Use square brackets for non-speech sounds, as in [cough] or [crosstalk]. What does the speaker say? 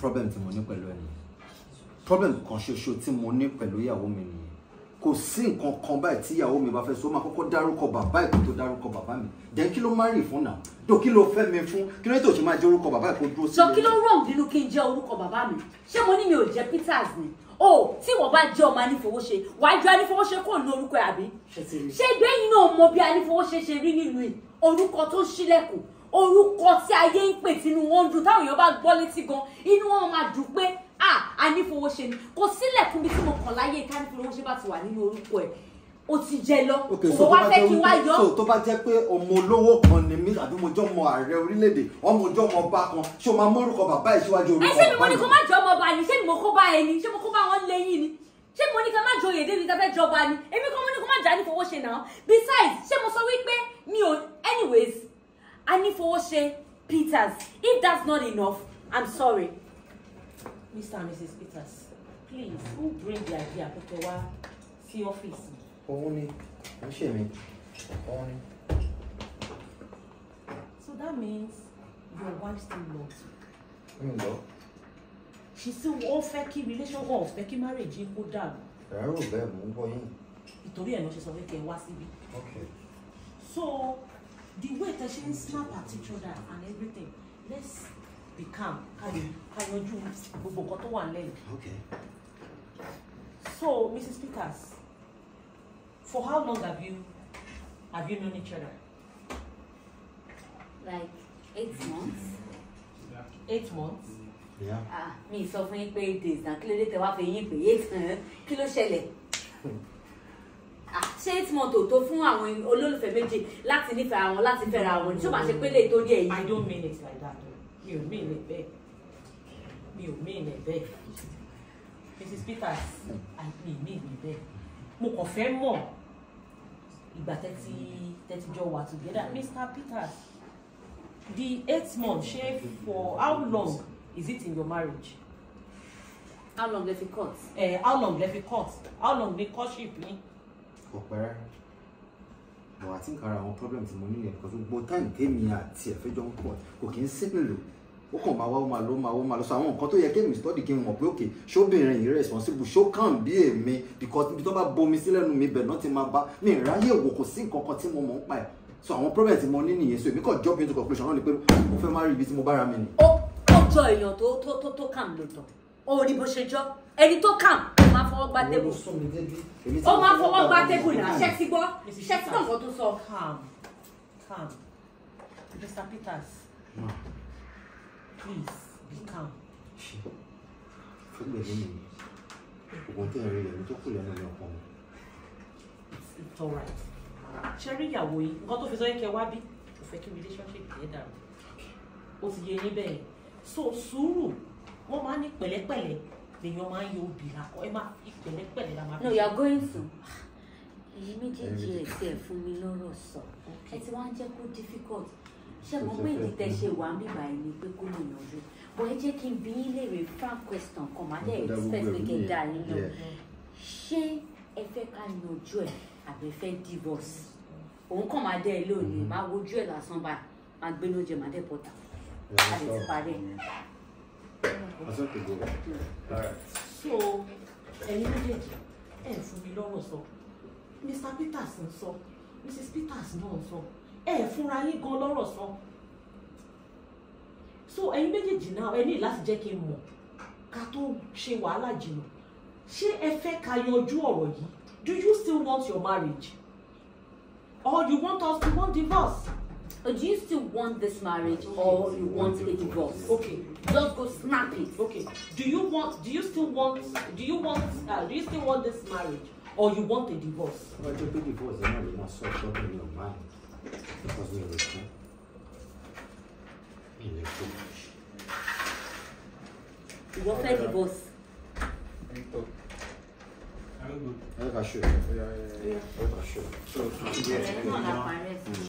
problem tí mo ní pẹ̀lú ẹ̀ problem kan ṣoṣo tí mo ní pẹ̀lú ìyàwó mi nìyẹn kò sí nǹkan kan báyìí tí ìyàwó mi bá fẹ́ so máa kọ́kọ́ dárúkọ bàbá ìkó tó dárúkọ bàbá mi then kí ló máa rìn fún náà tó kí ló fẹ́ mi fún kí ló tó ṣe máa jẹ́ orúkọ bàbá ìkó dúró sí. sọ kí ló wrong nínú kí n jẹ́ orúkọ bàbá mi ṣé mo ní mi ò jẹ́ Peters ni o tí wọ́n bá jẹ́ ọmọ anífowóṣe wàá jọ anífowóṣe kò ní orúkọ ẹ̀ àbí ṣé gbẹ́yìn náà mọ bí anífowóṣe ṣe rí nílùú orúkọ tó ṣílẹ̀kùn orúkọ tí ayé ń pè tínú wọn ń dùn táwọn èèyàn bá gbọ́ létí gan inú wọn máa dùn pé à ànífowóṣe ni kò sílẹ̀kùn bí tí mo kàn láyé kánífowóṣe bá ti wà nínú orúkọ ẹ̀ o ti jẹ lọ òwò wá fẹ́ kí wá yọ. tó bá jẹ́ pé ọmọ olówó kan ni mí àbí mo jọ mọ ààrẹ orílẹ̀-èdè ọmọ ọjọ́ ọmọ ọba kan ṣé o máa mórúkọ bàbá ẹ̀ síwájú orúkọ bàbá mi. ṣé mo ní kó má jọ ọmọ ọba fẹ́ jọba ni èmi kọ́ mo ní kó má jà ní fowó ṣe náà besides ṣé mo sọ wípé mi ò anyways Anifowose Peters. If that's not enough, I'm sorry. Mr. and Mrs. Peters, please, who bring the idea to wá see ọ́fíìsì? Òun ni, kò ń ṣe So that means your wife still loves you. Mi She still all fẹ́ kí relation wọn fẹ́ marriage yìí kó dàrú. Ẹ̀rọ bẹ́ẹ̀ mò ń gbọ́ yín. Ìtorí ẹ̀ ló ṣe sọ Okay. So the way that she ń snap at each other and everything let's be calm ká yanjú gbogbo nǹkan tó wà Okay. so mrs speakers for how long have you have you known each other. like eight months. eight months. Yeah. ah mi sọ fún yín pé eight days na kí ló dé tẹ wá fi yín pé eight [laughs] kí ló ṣẹlẹ̀. [laughs] ṣé eight months tó fún àwọn olólùfẹ́ méjì láti nífẹ̀ẹ́ àwọn láti fẹ́ra àwọn tí ó bá ṣe pé lè tó ní ẹ̀yìn. I don't mean it like that mi ò mean it bẹ́ẹ̀ mi ò mean it bẹ́ẹ̀ Mrs. Peters I mean mean it bẹ́ẹ̀ mo kàn fẹ́ mọ̀ ìgbà tẹ́tí tẹ́tí jọ wà together Mr. Peters the eight months ṣe for how long is it in your marriage? how long lẹ fi cut. Uh, how long lẹ fi cut how long ni courtship ni. Ọ̀pẹ́rẹ́ but I think ara àwọn problem tí mo ní yẹn because gbogbo time tèmi àti ẹ̀fẹ́jọ́ ń pọ̀ kò kí ń sípè lò ó kàn máa wá ó máa lọ ó máa ó máa lọ sọ àwọn nǹkan tó yẹ kéèmì study kí n mọ̀ pé òkè ṣóbìnrin yìí responsible ṣó kàn bí èmi because ibi tó bá bomi sí lẹ́nu mi bẹ̀ náà ti máa bá mi ìráyè wò kò sí nǹkan kan tí mo mọ̀ ń pa ẹ̀ so àwọn problem tí mo ní nìyẹn so èmi kàn jump into conclusion náà ni pé mo fẹ́ má rí ibi tí mo bára mi nì. ó jọ èèyàn tó tó tó kàn lòdàn ó ní bó ṣe jọ ẹni tó kàn máa fọwọ́ gba tébù ó máa fọwọ́ gba tébù náà ṣe ti gbọ́ ṣe ti gbọ́ nǹkan tó sọ. calm calm Mr. Peters please be calm. fúnbẹ̀ nínú ògùn tẹ̀ ń rí ẹ̀mí tó kù lẹ́nu ní ọ̀pọ̀ mi. it's alright ṣe rí ìyàwó yìí nǹkan tó fi sọ yẹ kẹ wá bí kò fẹ́ kí relationship yẹn dàrú ó ti yẹ yín bẹ́ẹ̀ so sùúrù wọ́n máa ń ní pẹ̀lẹ́pẹ̀lẹ́ lèèyàn máa ń yọ obì lakọ ẹ má ìpẹ̀lẹ́pẹ̀lẹ́ la máa. no you are going to èyí méjèèjì ẹ̀ tiẹ̀ fún mi lọ́rọ̀ sọ difficult ṣé mo pé ìdìtẹ̀ ṣe wà nígbà yìí ni pé kó lè yanjú bọ̀ ẹ jẹ́ kí n bi frank question kan máa dẹ́ expect pé kí n dá yín lọ ṣé ẹ fẹ́ ká yanjú ẹ̀ divorce òun kàn máa dẹ́ ẹ lónìí máa mm-hmm. wojú ẹ̀ lásán báyìí máa gbénú jẹ máa dẹ́ bọ́ta a lè ti parí That's okay, go. So, ẹ̀yin méjèèjì, ẹ̀ ń fún mi lọ́rọ̀ sọ. Mr. Peters ń sọ, Mrs. Peters náà ń sọ. Ẹ fúnra yín gan lọ́rọ̀ sọ. So, ẹ̀yin méjèèjì náà, ẹ ní láti jẹ́ kí n mọ̀ ká tó ṣe wàhálà jìnnà. Ṣé ẹ fẹ́ ká yanjú ọ̀rọ̀ yìí? Do you still want your marriage? Or you want us to want divorce? do you still want this marriage or you want a divorce? Okay. Just go snap it. Okay. Do you want? Do you still want? Do you want? Uh, do you still want this marriage or you want a divorce? Well, to be divorced, you know, you're not so sure in your mind because we are in the church. You want a divorce? I'm good. I think not should. Yeah, yeah, yeah. yeah. I think not should. So, so, yeah.